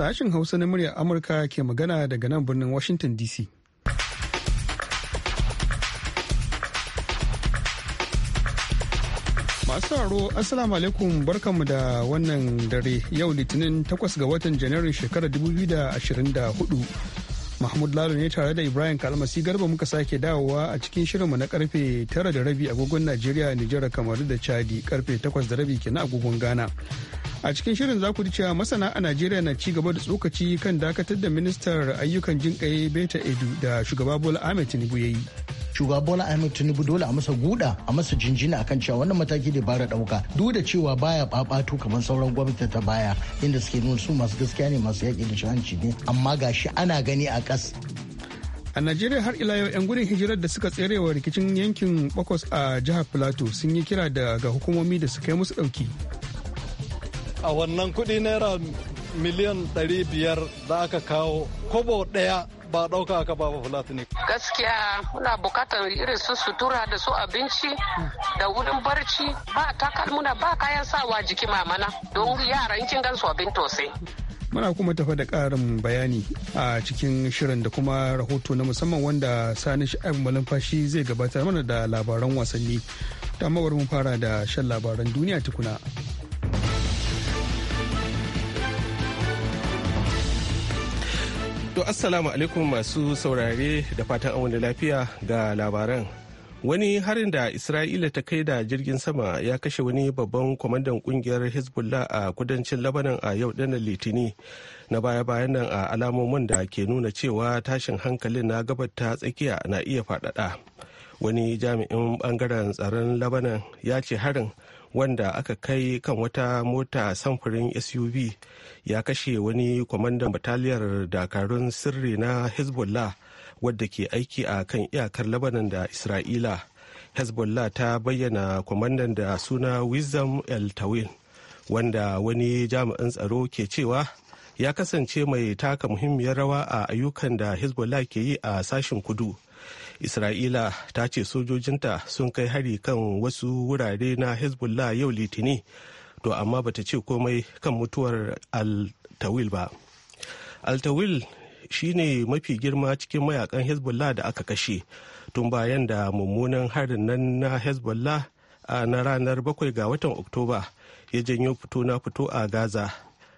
Sashen Hausa na muryar Amurka ke magana daga nan birnin Washington DC. Masu taro Assalamu alaikum barkanmu da wannan dare yau Litinin 8 ga watan Janairun shekarar 2024. Mahmud Lalo ne tare da Ibrahim Kalmasi Garba muka sake dawowa a cikin shirinmu na karfe tara da rabi agogon Najeriya, Nijar, Kamaru da Chadi karfe takwas da rabi kenan agogon Ghana. a cikin shirin za ku ji cewa masana a najeriya na ci gaba da tsokaci kan dakatar da ministar ayyukan jinƙaye beta edu da shugaba bola ahmed tinubu ya yi shugaba bola ahmed tinubu dole a masa guda a masa jinjina akan cewa wannan mataki da bara dauka duk da cewa baya babatu kamar sauran gwamnati ta baya inda suke nuna su masu gaskiya ne masu yaƙi da shanci ne amma gashi ana gani a kas a najeriya har ila yau 'yan gudun hijirar da suka tserewa rikicin yankin bakwas a jihar plateau sun yi kira daga hukumomi da suka yi musu ɗauki a wannan kudi naira miliyan 500 da aka kawo kobo ɗaya ba ɗauka aka ba ne. Gaskiya muna bukatar irin su sutura da su abinci da wurin barci ba takalmuna ba kayan sawa jiki mamana don yara kin gan su abin tosai. Muna kuma tafa da ƙarin bayani a cikin shirin da kuma rahoto na musamman wanda sani sha'ib malumfashi zai gabatar mana da labaran wasanni. Ta mawar fara da shan labaran duniya tukuna. To assalamu alaikum masu saurare da fatan wani lafiya ga labaran. Wani harin da Isra'ila ta kai da jirgin sama ya kashe wani babban kwamandan kungiyar Hezbollah a kudancin labanan a yau dana Litini na baya-bayan nan a alamomin da ke nuna cewa tashin hankalin na gabar ta tsakiya na iya faɗaɗa. Wani jami'in bangaren tsaron labanan ya ce harin wanda aka kai kan wata mota samfurin suv ya kashe wani kwamandan bataliyar dakarun sirri na hezbollah wadda ke aiki a kan iyakar labanan da isra'ila hezbollah ta bayyana kwamandan da suna wisdom el tawil wanda wani jami'in tsaro ke cewa ya kasance mai taka muhimmiyar rawa a ayyukan da hezbollah ke yi a sashen kudu isra'ila ta ce sojojinta sun kai hari kan wasu wurare na hezbollah yau litini to amma bata ce komai kan mutuwar altawil ba altawil shine mafi girma cikin mayakan hezbollah da aka kashe tun bayan da mummunan harin nan na hezbollah a na ranar 7 ga watan oktoba ya janyo fito na fito a gaza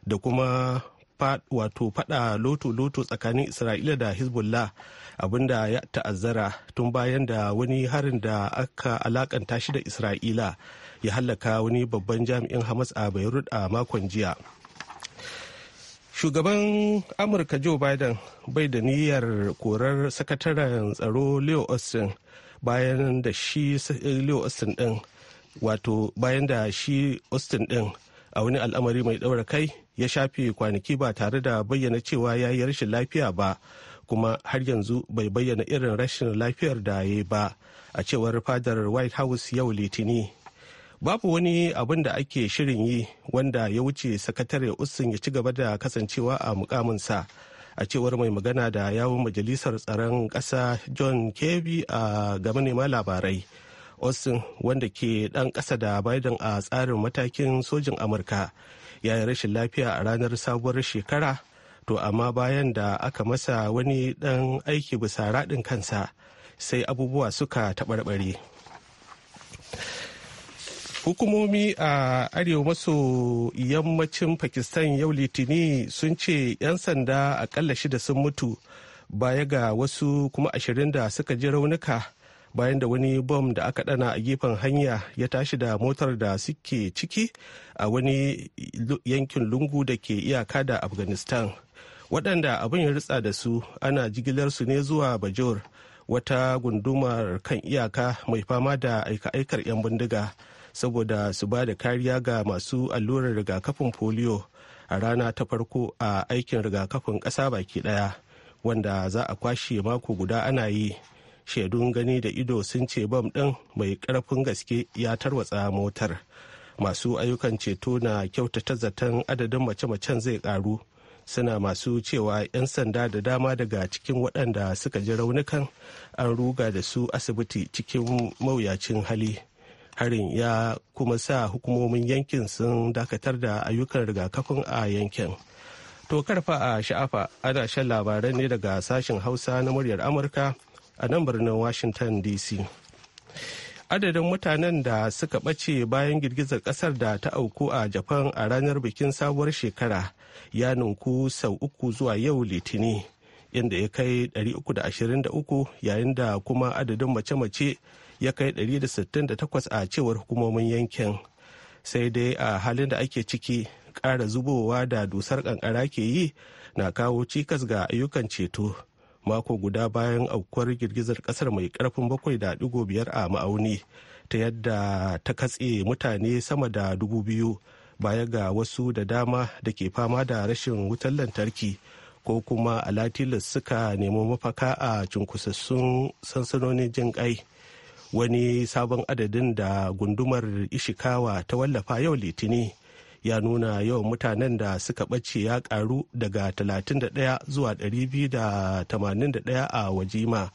da kuma wato fada loto-loto tsakanin isra'ila da hezbollah abinda ya ta'azzara tun bayan da wani harin da aka alakanta shi da isra'ila ya hallaka wani babban jami'in hamas a beirut a makon jiya shugaban amurka joe biden bai da niyyar korar sakataren tsaro leo austin bayan da shi leo austin din wato bayan da shi austin din a wani al'amari mai daura kai ya shafe kwanaki ba tare da bayyana cewa ya yi rashin lafiya ba kuma har yanzu bai bayyana irin rashin lafiyar da ya ba a cewar fadar white house yau litini babu wani abin da ake shirin yi wanda ya wuce sakatare usun ya ci gaba da kasancewa a mukaminsa a cewar mai magana da yawon majalisar tsaron ƙasa john kirby a ga manema labarai austin wanda ke ɗan ƙasa da biden a tsarin matakin sojin amurka ya yi rashin lafiya a ranar sabuwar shekara to amma bayan da aka masa wani ɗan aiki bisa raɗin kansa sai abubuwa suka taɓarɓare hukumomi a arewa maso yammacin pakistan yau litini sun ce 'yan sanda akalla shida sun mutu baya ga wasu kuma ashirin da suka ji raunuka bayan da wani bom da aka dana a gefen hanya ya tashi da motar da suke ciki a wani yankin lungu da ke iyaka da afghanistan waɗanda abin ya ritsa da su ana jigilarsu ne zuwa bajor wata gundumar kan iyaka mai fama da aika-aikar 'yan bindiga saboda su ba da kariya ga masu allurar rigakafin polio a rana ta farko a aikin rigakafin ƙasa baki ɗaya wanda za a kwashe mako guda ana yi shaidun gani da ido sun ce bam ɗin mai ƙarfin gaske ya tarwatsa motar masu ayyukan ceto na kyautata zaton adadin mace-macen zai ƙaru suna masu cewa 'yan sanda da dama daga cikin waɗanda suka ji raunukan an ruga da su asibiti cikin mawuyacin hali harin ya kuma sa hukumomin yankin sun dakatar da ayyukan rigakafin a yankin to karfa a sha'afa ana shan labaran ne daga sashen hausa na muryar amurka a nan birnin washington dc adadin mutanen da suka ɓace bayan girgizar ƙasar da ta auku a japan a ranar bikin sabuwar shekara ya ninku sau uku zuwa yau litini inda ya kai 323 yayin da kuma adadin mace-mace ya kai 168 a cewar hukumomin yankin sai dai a halin da ake ciki ƙara zubowa da dusar ƙanƙara ke yi na kawo cikas ga ayyukan ceto mako guda bayan aukuwar girgizar kasar mai karfin bakwai da a ma'auni ta yadda ta katse mutane sama da dubu biyu baya ga wasu da dama da ke fama da rashin wutar lantarki ko kuma alatilas suka nemi mafaka a cunkusassun sansanonin jin kai wani sabon adadin da gundumar ishikawa ta wallafa yau litini ya nuna yawan mutanen da suka ɓace ya ƙaru daga 31 zuwa 281 a wajima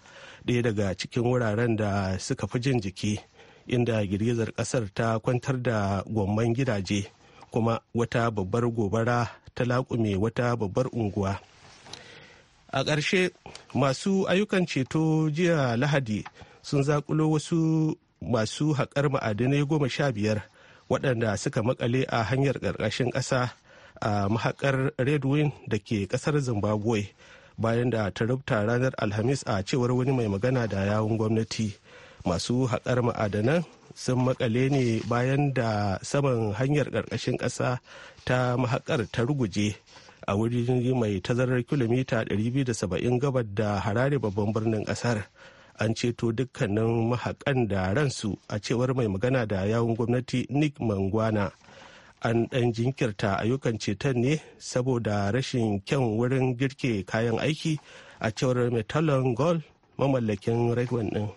ɗaya daga cikin wuraren da suka fi jin jiki inda girgizar ƙasar ta kwantar da gwamman gidaje kuma wata babbar gobara ta laƙume wata babbar unguwa a ƙarshe masu ayyukan ceto jiya lahadi sun zaƙulo wasu masu haƙar ma'adinai goma sha biyar waɗanda suka makale a hanyar ƙarƙashin ƙasa a red redwin da ke ƙasar zimbabwe bayan da ta rubuta ranar alhamis a cewar wani mai magana da yawun gwamnati masu haƙar ma'adanan sun makale ne bayan da saman hanyar ƙarƙashin ƙasa ta mahaƙar ta ruguje a wuri mai tazarar kilomita 270 gabar da harare babban birnin ƙasar. an ceto dukkanin mahakan da ransu a cewar mai magana da yawun gwamnati nick mangwana an ɗan jinkirta ayyukan ceton ne saboda rashin kyan wurin girke kayan aiki a cewar metalon gold mamallakin ragwan ɗin.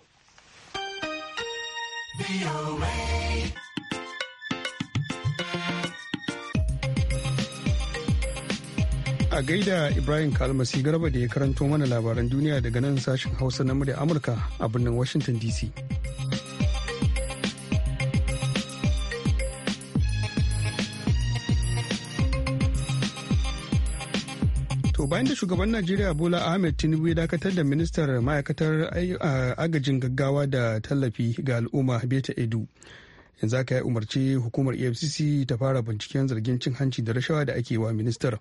a gaida Ibrahim Kalmasi Garba da ya karanto mana labaran duniya daga nan sashen Hausa na murya Amurka a birnin Washington DC. To bayan da shugaban Najeriya Bola Ahmed Tinubu ya dakatar da ministar ma'aikatar agajin gaggawa da tallafi ga al'umma Beta Edu. yanzu aka ya umarci hukumar efcc ta fara binciken zargin cin hanci da rashawa da ake wa ministar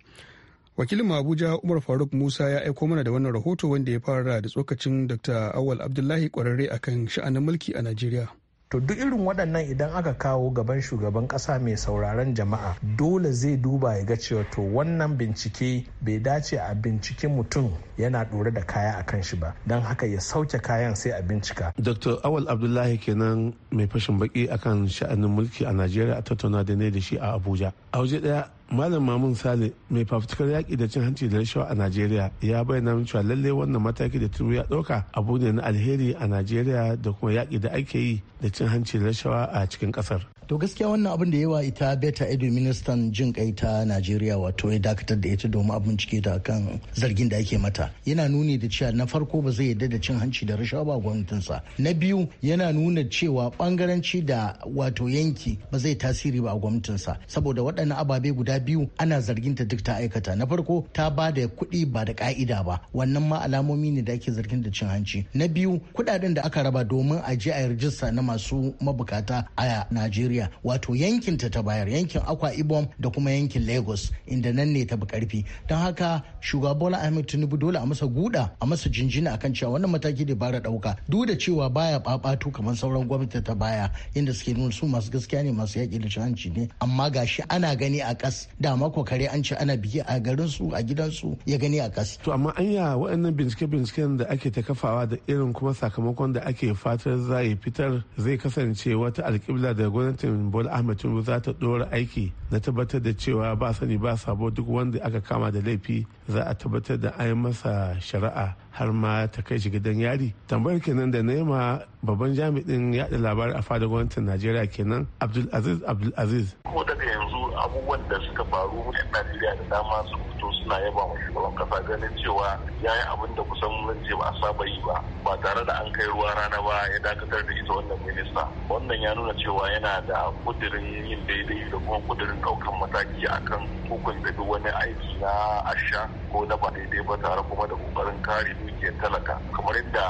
wakilin abuja umar faruk musa ya aiko mana da wannan rahoto wanda ya fara da tsokacin dr awal abdullahi kwararre akan sha'anin mulki a najeriya to duk irin waɗannan idan aka kawo gaban shugaban ƙasa mai sauraron jama'a dole zai duba ya ga cewa to wannan bincike bai dace a bincike mutum yana ɗore da kaya a kan shi ba don haka ya sauke kayan sai a bincika. dr awal abdullahi kenan mai fashin baki akan sha'anin mulki a najeriya a tattauna da ne da shi a abuja a waje ɗaya malam mamun sale mai fafutukar yaƙi da cin hanci da rashawa a najeriya ya bayyana min cewa lallai wannan mataki da turu ya ɗauka abu ne na alheri a najeriya da kuma yaƙi da ake yi da cin hanci da rashawa a cikin ƙasar to gaskiya wannan abin da yawa ita beta edu ministan jin kai ta najeriya wato ya dakatar da ita domin a bincike ta kan zargin da ake mata yana nuni da cewa na farko ba zai yarda da cin hanci da rashawa ba gwamnatinsa na biyu yana nuna cewa bangaranci da wato yanki ba zai tasiri ba a gwamnatinsa saboda waɗannan ababe guda biyu ana zargin ta duk ta aikata na farko ta ba da kuɗi ba da ka'ida ba wannan ma alamomi ne da ake zargin da cin hanci na biyu kuɗaɗen da aka raba domin a je a yi rajista na masu mabukata a najeriya Najeriya wato yankin ta ta bayar yankin Akwa Ibom da kuma yankin Lagos inda nan ne ta bi karfi don haka shugaba Bola Ahmed Tinubu dole a masa guda a masa jinjina akan cewa wannan mataki da bara dauka duk da cewa baya babatu kamar sauran gwamnati ta baya inda suke nuna su masu gaskiya ne masu yaƙi da hanci ne amma gashi ana gani a kas da mako kare an ce ana biki a garin su a gidan su ya gani a kas to amma anya waɗannan bincike-binciken da ake ta kafawa da irin kuma sakamakon da ake fatar za fitar zai kasance wata alƙibla da gwamnati. gwamnatin bola ahmed tinubu za ta ɗora aiki na tabbatar da cewa ba sani ba sabo duk wanda aka kama da laifi za a tabbatar da an masa shari'a har ma ta kai shi gidan yari tambayar kenan da nema babban jami'in yada labarai a fadar gwamnatin najeriya kenan abdul aziz. ko daga yanzu abubuwan da suka faru yan najeriya da dama su fito suna yaba wa shugaban kasa ganin cewa ya yi abin da kusan mun ce ba a saba yi ba ba tare da an kai ruwa rana ba ya dakatar da ita wannan minista wannan ya nuna cewa yana da kudirin yin daidai da kuma kudirin daukan mataki akan hukunta duk wani aiki na asha ko na ba daidai ba tare kuma da kokarin kare dukiyar talaka kamar yadda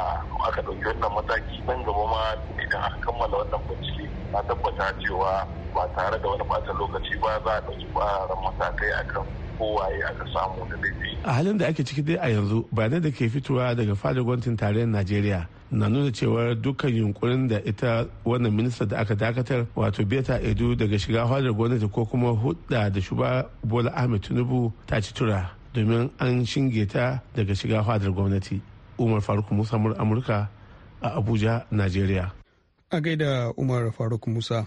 aka ɗauki wannan mataki nan gaba ma idan aka kammala wannan bincike na tabbata cewa ba tare da wani ɓata lokaci ba za a ɗauki ƙwararren matakai akan kowaye aka samu da daidai. a halin da ake ciki dai a yanzu bayanai da ke fitowa daga fadar gwamnatin tarayyar najeriya na nuna cewa dukkan yunkurin da ita wannan minista da aka dakatar wato beta edu daga shiga fadar gwamnati ko kuma hudda da shuba bola ahmed tinubu ta ci tura domin an shinge ta daga shiga fadar gwamnati umar faruk musa amurka a abuja nigeria a gaida umar faruk musa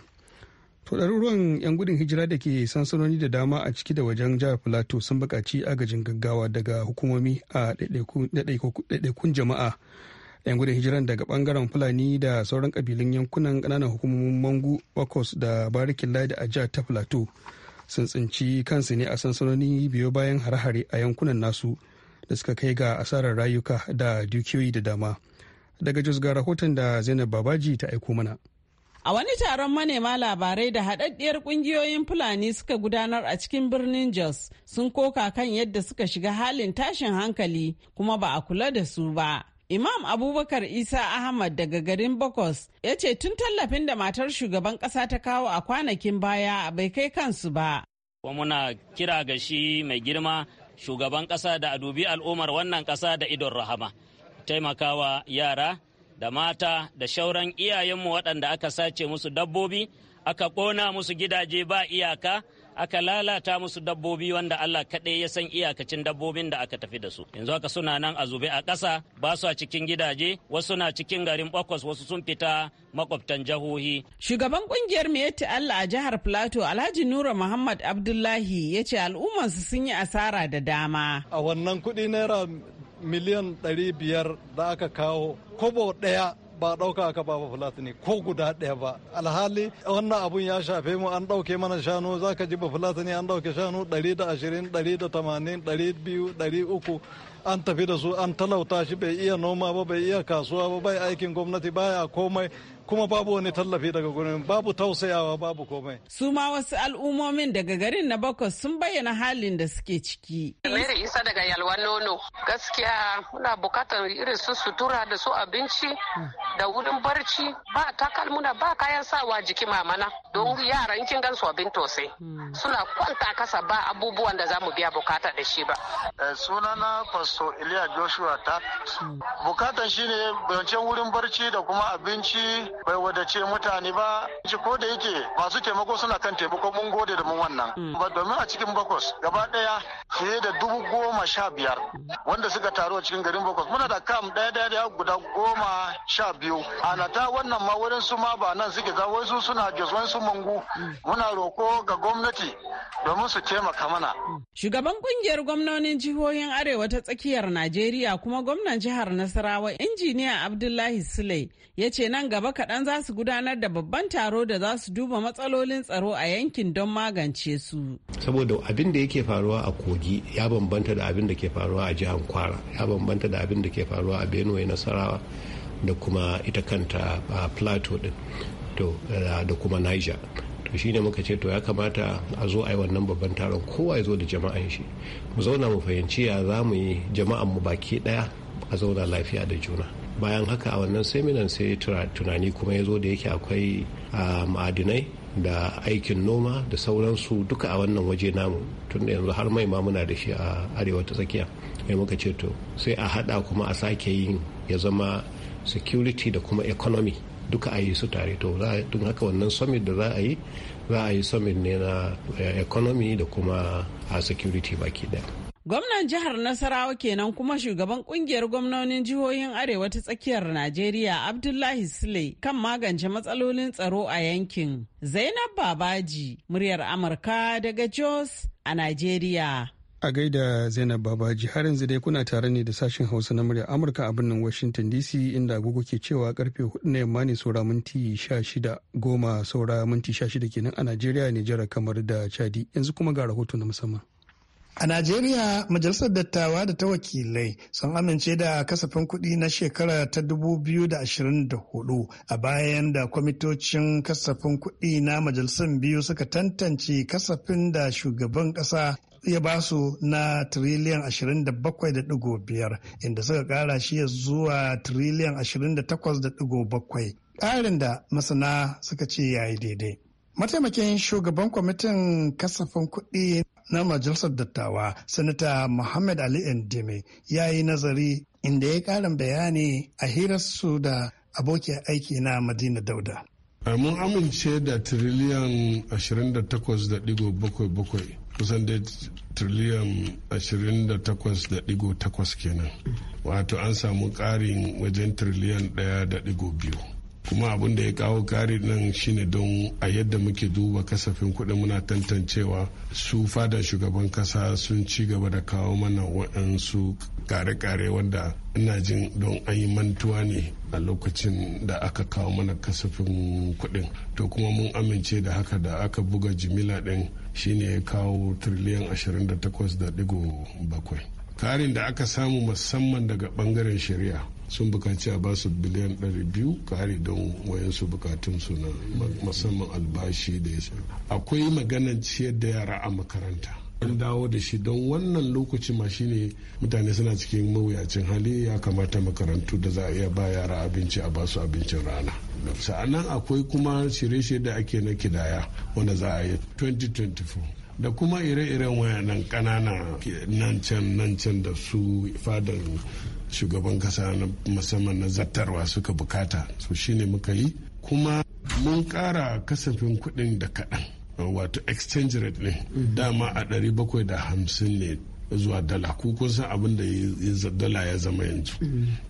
to ɗaruruwan 'yan gudun hijira da ke sansanoni da dama a ciki da wajen jihar plateau sun buƙaci agajin gaggawa daga hukumomi a ɗaiɗaikun jama'a 'yan gudun hijiran daga bangaren fulani da sauran ƙabilun yankunan ƙananan hukumomin mangu wakos da barikin ladi a jihar ta plateau sun tsinci kansu ne a sansanoni biyo bayan hare-hare a yankunan nasu da suka kai ga asarar rayuka da dukiyoyi da dama daga jos ga rahoton da zainab babaji ta aiko mana A wani taron manema labarai da haɗaɗɗiyar ƙungiyoyin Fulani suka gudanar a cikin birnin Jos sun koka kan yadda suka shiga halin tashin hankali kuma ba a kula da su ba. Imam Abubakar Isa Ahmad daga garin Bokos ya ce tun tallafin da matar shugaban ƙasa ta kawo a kwanakin baya bai kai kansu ba. Kuma muna kira ga shi mai girma shugaban ƙasa da a dubi al'ummar wannan ƙasa da idon rahama. Taimakawa yara da mata da shauran iyayenmu waɗanda aka sace musu dabbobi, aka ƙona musu gidaje ba iyaka, aka lalata musu dabbobi wanda Allah kaɗai ya san iyakacin dabbobin da aka tafi da su yanzu aka suna nan a zube a ƙasa ba su a cikin gidaje wasu na cikin garin bakwas wasu sun fita makwabtan jahohi. shugaban kungiyar miyatti Allah a jihar Plateau Alhaji Nura Muhammad Abdullahi ya ce al'ummarsu sun yi asara da dama a wannan kuɗi naira miliyan 500 da aka kawo kobo ɗaya ba ɗauka ka ba fulatani ko guda ɗaya ba alhali wannan abun ya shafe mu an ɗauke mana shanu za ka ji fulatani an ɗauke shanu ɗari da ashirin ɗari da tamanin ɗari biyu ɗari uku an tafi da su an talauta shi bai iya noma ba bai iya kasuwa ba bai aikin gwamnati baya komai kuma babu wani tallafi daga gurin, babu tausayawa babu komai. Su ma wasu al'ummomin daga garin na bakwai sun bayyana halin da suke ciki. Mary Isa daga Yalwa Nono gaskiya muna bukatar irin su sutura da su abinci da wurin barci ba takalmuna ba kayan sawa jiki mamana don hmm. yaran kin gan su abin tausayi. Hmm. suna kwanta kasa ba abubuwan da za mu biya bukata da shi ba. Eh, sunana Pastor Iliya Joshua ta hmm. bukatan shine bayancin wurin barci da kuma abinci bai wadace mutane ba ci ko da yake masu taimako suna kan taimako mun gode da mun wannan mm. ba domin a cikin bakwas gaba daya fiye da dubu goma sha biyar wanda suka taru a cikin garin bakwas muna da kam daya daya daya guda goma sha biyu a nata wannan ma wurin su ma ba nan suke za wasu suna jos wasu mungu. Mm. muna roko ga gwamnati domin su taimaka mana mm. shugaban kungiyar gwamnonin jihohin arewa ta tsakiyar najeriya kuma gwamnan jihar nasarawa injiniya abdullahi sule ya ce nan gaba kaɗan za su gudanar da babban taro da za su duba matsalolin tsaro a yankin don magance su. Saboda abin da yake faruwa a Kogi ya bambanta da abin da ke faruwa a jihar Kwara, ya bambanta da abin da ke faruwa a Benue Nasarawa da kuma ita kanta a Plateau din da kuma Niger. to shine muka ce to ya kamata a zo a yi wannan babban taron kowa ya zo da jama'an shi mu zauna mu fahimci ya za mu yi jama'an mu baki ɗaya a zauna lafiya da juna bayan haka a wannan seminar sai tunani kuma ya zo da yake akwai ma'adinai da aikin noma da sauransu duka a wannan waje namu tun da yanzu har mai ma muna da shi a arewa ta tsakiya ya muka ce to sai a hada kuma a sake yin ya zama security da kuma economy duka a yi su tare to tun haka wannan summit da za a yi za a yi summit ne na eh, economy da kuma a security baki daya Gwamnan jihar Nasarawa kenan kuma shugaban kungiyar gwamnonin jihohin Arewa ta tsakiyar Najeriya Abdullahi Sule kan magance matsalolin tsaro a yankin. Zainab Babaji, muryar Amurka daga Jos a Najeriya. A gaida Zainab Babaji har yanzu dai kuna tare ne da sashen Hausa na muryar Amurka a birnin Washington DC inda agogo ke cewa karfe hudu na yamma ne saura minti shida goma saura minti shida kenan a Najeriya, Nijar, kamar da Chadi. Yanzu kuma ga rahoto na musamman. A Najeriya, Majalisar Dattawa da ta wakilai sun amince da kasafin kuɗi na shekara ta 2024 a bayan da kwamitocin kasafin kuɗi na majalisar biyu suka tantance kasafin da shugaban ƙasa ya ba su na tiriliyan 27.5 inda suka ƙara shi zuwa tiriliyan 28.7 ƙarin da masana suka ce ya yi daidai. Mataimakin shugaban kwamitin kasafin kuɗi na majalisar dattawa sanata muhammad ali endime ya yi nazari inda ya karin bayani a hirarsu da abokiyar aiki na madina dauda mun amince da tiriliyan 28.77 kusan da tiriliyan 28.8 kenan wato an samu karin wajen tiriliyan 1.2 kuma abin da ya kawo kari nan shine don a yadda muke duba kasafin kuɗin muna tantancewa su fada shugaban kasa sun ci gaba da kawo mana waɗansu kare-kare wanda ina jin don an yi mantuwa ne a lokacin da aka kawo mana kasafin kuɗin to kuma mun amince da haka da aka buga jimila ɗin shine ya kawo tiriliyan 28.7 karin da aka samu musamman daga bangaren shari'a sun bukaci a basu biliyan 200 kare don wayansu su na musamman albashi da ya akwai maganan ciyar da yara a makaranta an dawo da shi don wannan lokaci ma shine mutane suna cikin mawuyacin hali ya kamata makarantu da za a iya ba yara abinci a basu abincin rana sa'annan akwai kuma shirye-shirye da ake na kidaya wanda za a yi 2024 da kuma ire-iren wayanan ƙanana nan can nan can da su fadar shugaban kasa na musamman na zattarwa suka bukata so shine muka yi kuma mun ƙara kasafin kuɗin da kaɗan wato exchange rate ne dama a da hamsin ne zuwa dala ko kun san abin da dala ya zama yanzu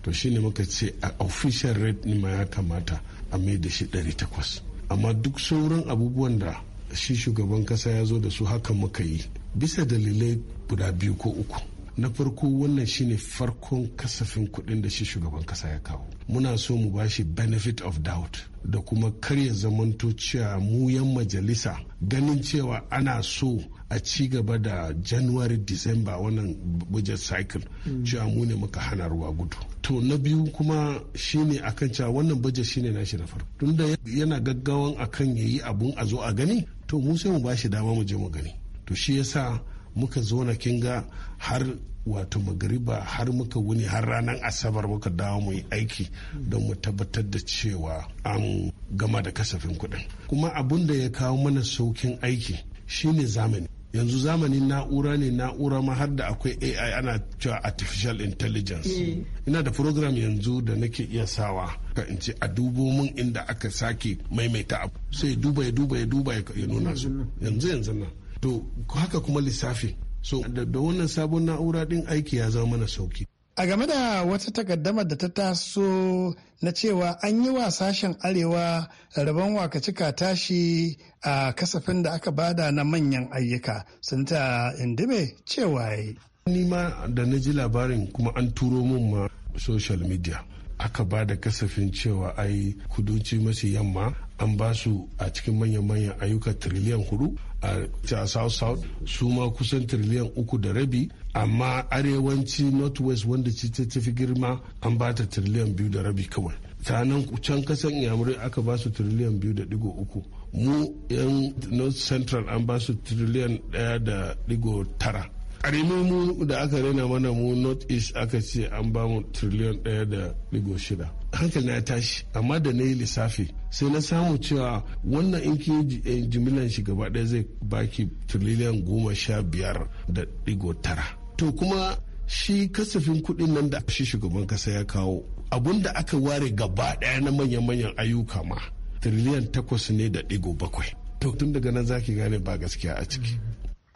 to shine muka ce a official rate ne ma ya kamata a mai da shi takwas. amma duk sauran abubuwan da shi shugaban kasa ya zo da su haka muka yi bisa dalilai guda biyu ko uku na farko wannan shine farkon kasafin kuɗin da shi shugaban kasa ya kawo muna so mu bashi benefit of doubt da kuma karya zamanto cewa mu yan majalisa ganin cewa ana so a ci gaba da january december wannan budget cycle cewa mu ne muka hana ruwa gudu to na biyu kuma shine akan cewa wannan budget shine nashi na farko tunda yana gaggawan akan yayi abun a zo a gani to mu sai mu ba shi dama mu je mu gani to shi yasa muka zo na kinga har wato magariba har muka wuni har ranar asabar muka dawo mu yi aiki don mu tabbatar da cewa an gama da kasafin kuɗin kuma abun da ya kawo mana saukin aiki shine zamani yanzu zamani na'ura ne na'ura ma har da akwai ai ana cewa artificial intelligence eh. ina da program yanzu da nake iya sawa ka in ce a dubo mun inda aka sake maimaita abu sai duba ya duba ya duba ya nuna su yanzu yanzu nan to haka kuma lissafi so da wannan sabon na'ura din aiki ya zama mana sauki a game da wata takaddamar da ta taso na cewa an yi wa sashen arewa rabon cika tashi a kasafin da aka bada na manyan ayyuka sun ta indime cewa yi nima da na ji labarin kuma an turo min ma social media aka ba da kasafin cewa ai kudanci masu yamma an ba su a cikin manyan manyan ayyuka tiriliyan hudu a south south su ma kusan tiriliyan uku da rabi amma arewanci west wanda ci ta tafi girma an ba ta tiriliyan biyu da rabi kawai ta nan can kasan yamurai aka ba su tiriliyan biyu da digo uku mu yan north central an ba su tiriliyan daya da digo tara karimin mu da aka rena mana mu north east aka ce an ba mu tiriliyan daya da digo shida hankali na tashi amma da na yi lissafi sai na samu cewa wannan in kin eh, jimilan shi gaba ɗaya zai baki tiriliyan goma sha biyar da ɗigo tara to kuma shi kasafin kuɗin nan da shi shugaban kasa ya kawo abun da aka ware gaba ɗaya na manya manyan ayyuka ma tiriliyan takwas ne da ɗigo bakwai to tun daga nan zaki gane ba gaskiya a ciki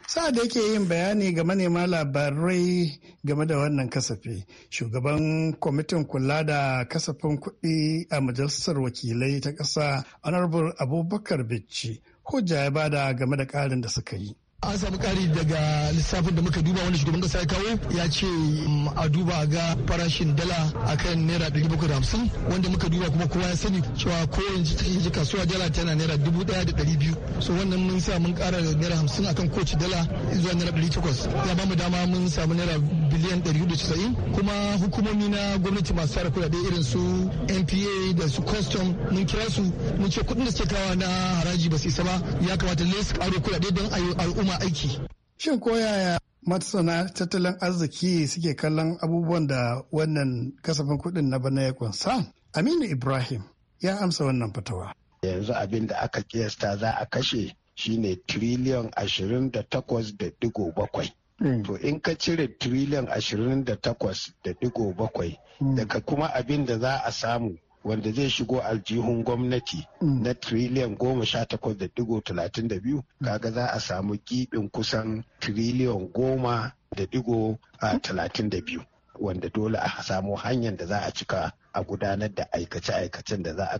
sa da yake yin bayani ga manema labarai game da wannan kasafi shugaban kwamitin kula da kasafin kuɗi a majalisar wakilai ta ƙasa honorable abubakar bicci hujja ya bada game da ƙarin da suka yi an samu ƙari daga lissafin da muka duba wani shugaban kasa ya kawo ya ce mm, a duba ga farashin dala a kan naira 750 da hamsin wanda muka duba kuma kowa ya sani cewa ko yanzu take ji kasuwa dala tana naira dubu da biyu so wannan mun sa mun ƙara naira hamsin akan kowace dala zuwa naira 800 takwas ya ba mu dama mun samu naira biliyan 190 kuma hukumomi na gwamnati masu tara kudade irin su npa da su custom mun kira su mun ce kudin da suke kawa na haraji ba su isa ba ya kamata ne su karo kudade don al'umma aiki shin ko yaya matsana tattalin arziki suke kallon abubuwan da wannan kasafin kudin na bana ya kunsa aminu ibrahim ya amsa wannan fatawa yanzu abin da aka kiyasta za a kashe shine triliyan ashirin da takwas da digo bakwai Mm. To in ka cire triliyan ashirin da takwas da digo bakwai mm. daga kuma abin da za a samu wanda zai shigo aljihun gwamnati mm. na triliyan goma sha takwas da digo talatin da biyu kaga za a samu gibin kusan triliyan goma da digo ah, talatin da biyu. wanda dole a samu hanyar da za a cika a gudanar da aikace-aikacen da za a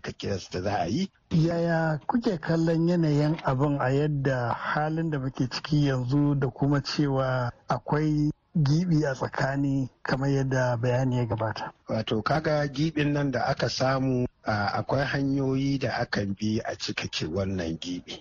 da za a yi. Yaya kuke kallon yanayin abin a yadda halin da muke ciki yanzu da kuma cewa akwai gibi a tsakani kamar yadda bayani ya gabata. Wato kaga gibin nan da aka samu akwai hanyoyi da akan bi a cikake wannan gibi.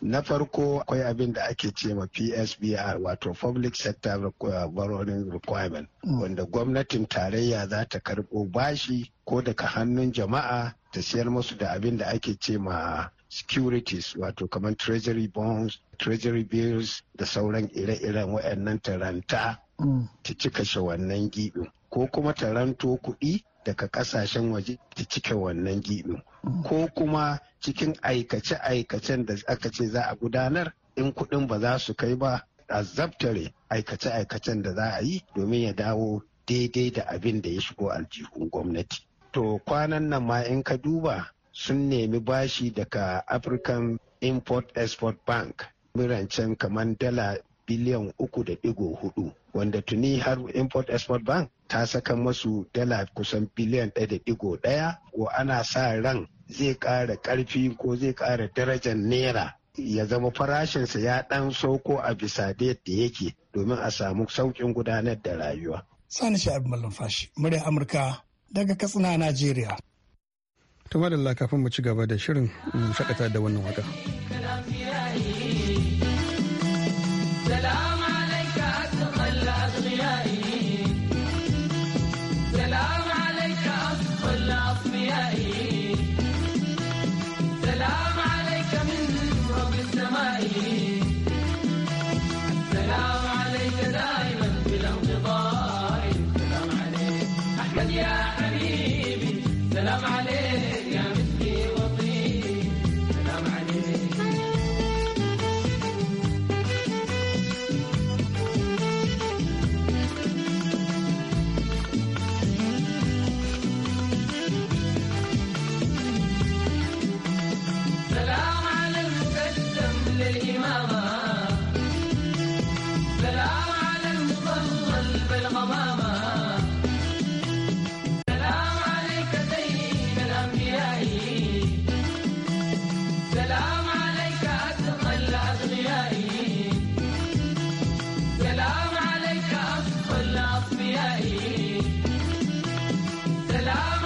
Na farko akwai abin da ake ce ma PSBR wato Public Sector uh, Borrowing Requirement mm. wanda gwamnatin tarayya za ta karɓo bashi ko daga hannun jama'a ta siyar musu da abin da ake ce ma securities wato kamar treasury bonds treasury bills da sauran ire-iren waɗannan taranta ta mm. cika shi wannan giɓin ko kuma ta ranto kuɗi daga ƙasashen waje ta cike wannan giɓin mm. ko kuma cikin aikace-aikacen da aka ce za a gudanar in kuɗin ba za su kai ba a zabtare aikace-aikacen da za a yi domin ya dawo daidai da abin da ya shigo aljihun gwamnati. To kwanan nan ma in ka duba sun nemi bashi daga African Import Export Bank can kamar dala biliyan uku da digo hudu wanda tuni har import export bank ta saka masu dala kusan biliyan ɗaya da ɗaya ko ana sa ran zai ƙara karfi ko zai ƙara darajar naira ya zama farashinsa ya ɗan sauko a bisa da yadda yake domin a samu saukin gudanar da rayuwa. Sani Sha'ib Malumfashi, murya Amurka daga Katsina, Najeriya. madalla kafin mu ci gaba da shirin shakata da wannan waka. Selam. أخفيائي سلام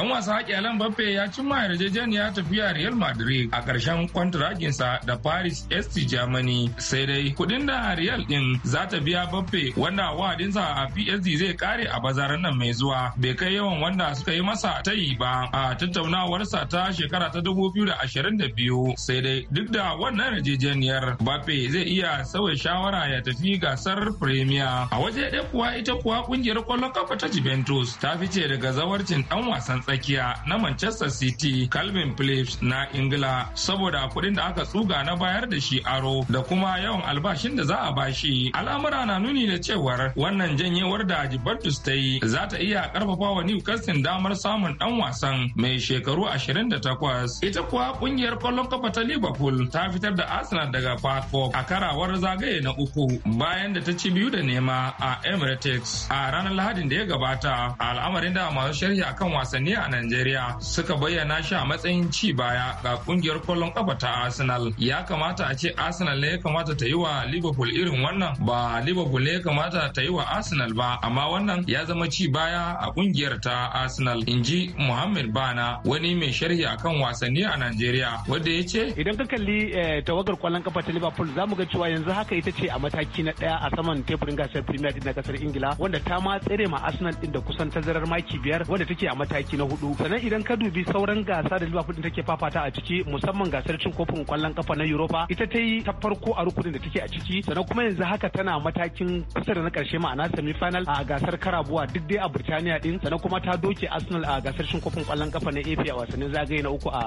Dan wasa Kyalen Mbappe ya cimma yarjejeniya tafiya Real Madrid a ƙarshen kwantiraginsa da Paris ST Germany sai dai kuɗin da Real din za ta biya Mbappe wanda wa'adinsa a PSG zai kare a bazaran nan mai zuwa bai kai yawan wanda suka yi masa tayi ba a tattaunawarsa ta shekara ta 2022 sai dai duk da wannan yarjejeniyar Mbappe zai iya sauya shawara ya tafi gasar Premier a waje ɗaya kuwa ita kuwa ƙungiyar kwallon kafa ta Juventus ta fice daga zawarcin dan wasan tsakiya na Manchester City Calvin Phillips na Ingila saboda kuɗin da aka tsuga na bayar da shi aro da kuma yawan albashin da za a bashi. Al'amura na nuni da cewar wannan janyewar da Juventus ta yi za ta iya karfafa wa Newcastle damar samun dan wasan mai shekaru 28. Ita kuwa ƙungiyar kwallon kafa ta Liverpool ta fitar da Arsenal daga Parkpop a karawar zagaye na uku bayan da ta ci biyu da nema a Emirates a ranar Lahadin da ya gabata. Al'amarin da masu sharhi akan wasanni a Najeriya suka bayyana shi a matsayin ci baya ga kungiyar kwallon kafa ta Arsenal. Ya kamata a ce Arsenal ne ya kamata ta yi wa Liverpool irin wannan ba Liverpool ne ya kamata ta yi wa Arsenal ba amma wannan ya zama ci baya a kungiyar ta Arsenal inji Muhammad Bana wani mai sharhi akan wasanni a Najeriya wanda ya ce idan ka kalli eh, tawagar kwallon kafa ta Liverpool za mu ga cewa yanzu haka ita ce a mataki na daya a saman teburin gasar Premier League na kasar Ingila wanda ta ma tsere ma Arsenal din da kusan tazarar maki biyar wanda take a mataki na hudu sannan idan ka dubi sauran gasa da liverpool din take fafata a ciki musamman gasar cin kofin kwallon kafa na europa ita ta yi ta farko a rukunin da take a ciki sannan kuma yanzu haka tana matakin kusa da na karshe ma'ana semi final a gasar karabuwa duk dai a burtaniya din sannan kuma ta doke arsenal a gasar cin kofin kwallon kafa na ap a wasannin zagaye na uku a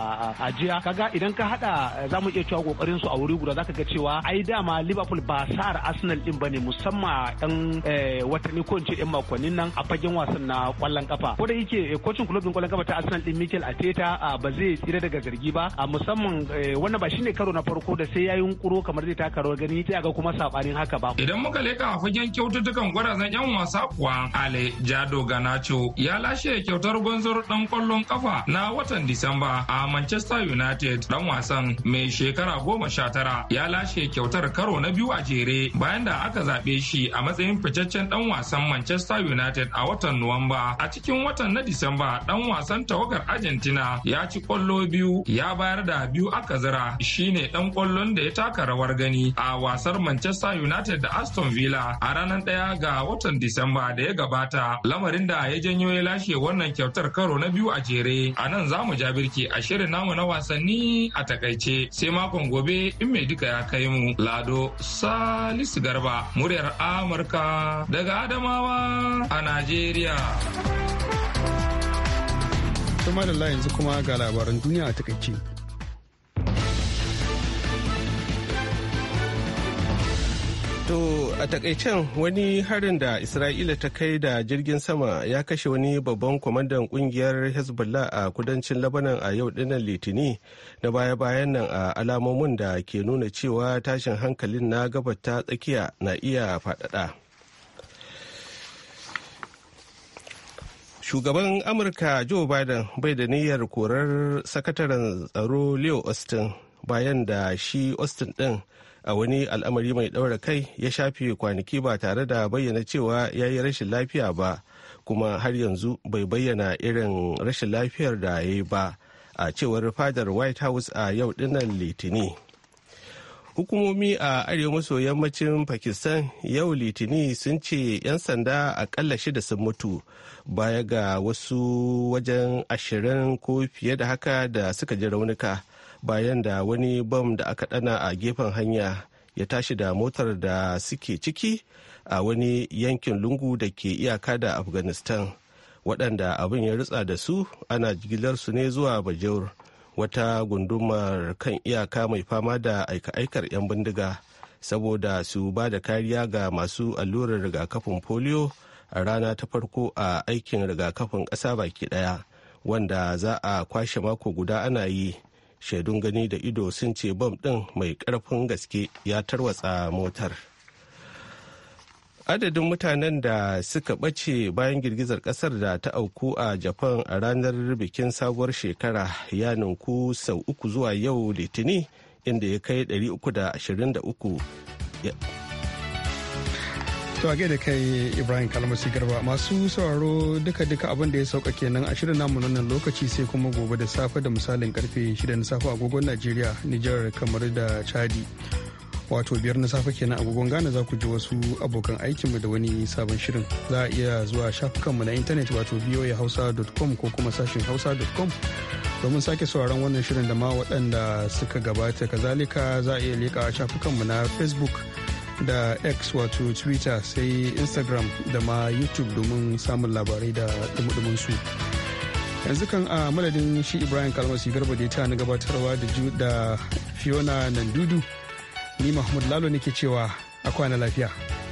ajiya kaga idan ka hada za mu iya cewa kokarin su a wuri guda zaka ga cewa ai dama liverpool ba sa'ar arsenal din bane musamman dan eh, watanni ko in ce yan makonnin nan a fagen wasan na kwallon kafa ko da yake kocin eh, club kwallon kafa ta Arsenal din Mikel Arteta ba zai tsira daga zargi ba a musamman eh, wannan ba shine karo na farko da sai yayin kuro kamar zai taka rawar gani sai ga kuma sabanin haka ba idan muka leka fagen kyaututtukan gwarazan yan wasa kuwa Ale Jado Ganacho ya lashe kyautar gonzor dan kwallon kafa na watan Disamba a Manchester United dan wasan mai shekara goma sha tara ya lashe kyautar karo na biyu a jere bayan da aka zaɓe shi a matsayin fitaccen dan wasan Manchester United a watan Nuwamba a cikin watan na Disamba dan wasan tawagar Argentina ya ci kwallo biyu ya bayar da biyu aka zira shine dan kwallon da ya taka rawar gani a wasar Manchester United da Aston Villa a ranar daya ga watan Disamba da ya gabata lamarin da ya janyo ya lashe wannan kyautar karo na biyu a jere a nan za mu jabirki a shirin namu na wasanni a takaice sai makon gobe in mai duka ya kai mu Lado Salisu Garba muryar Amurka daga Adamawa a Najeriya. Tuma da yanzu kuma ga labaran duniya a takaice. To a takaicen wani harin da Isra'ila ta kai da jirgin sama ya kashe wani babban kwamandan kungiyar Hezbollah a kudancin labanan a yau dinnan Litini da baya-bayan nan a alamomin da ke nuna cewa tashin hankalin na gabata tsakiya na iya faɗaɗa. shugaban amurka joe biden bai da niyyar korar sakataren tsaro leo austin bayan da shi austin din a wani al'amari mai ɗaura kai ya shafe kwanaki ba tare da bayyana cewa ya yi rashin lafiya ba kuma har yanzu bai bayyana irin rashin lafiyar da ya yi ba a cewar fadar white house a yau dinnan litini. hukumomi a arewa maso yammacin pakistan yau litini sun ce 'yan sanda akalla shida sun mutu baya ga wasu wajen ashirin ko fiye da haka da suka ji raunuka bayan da wani bam da aka dana a gefen hanya ya tashi da motar da suke ciki a wani yankin lungu da ke iyaka da afghanistan waɗanda abin ya ritsa da su ana jigilar su ne zuwa bajewar wata gundumar kan iyaka mai fama da aika-aikar 'yan bindiga saboda su ba da kariya ga masu allurar rigakafin polio a rana ta farko a aikin rigakafin ƙasa baki ɗaya wanda za a kwashe mako guda ana yi shaidun gani da ido sun ce bam ɗin mai ƙarfin gaske ya tarwatsa motar. adadin mutanen da suka ɓace bayan girgizar ƙasar da ta auku a japan a ranar bikin sabuwar shekara ya ninku sau uku zuwa yau litini inda ya kai 323 to da kai ibrahim kalmasi garba masu sauraro duka-duka abin da ya sauka kenan a shirin namu nan lokaci sai kuma gobe da safe da misalin karfe 6 na safe agogon najeriya nijar kamar da chadi wato biyar na safe kenan agogon gane za ku ji wasu abokan aikinmu da wani sabon shirin za a iya zuwa shafukanmu na intanet wato voahausa.com ko kuma sashin hausa.com domin sake sauraron wannan shirin da ma waɗanda suka gabata kazalika za a iya leƙa shafukanmu na facebook da x wato twitter sai instagram da ma youtube domin samun labarai da su yanzu kan a madadin shi ibrahim kalmasi garba da ya ta na gabatarwa da fiona nandudu ni mahmud lalo nake cewa a kwana lafiya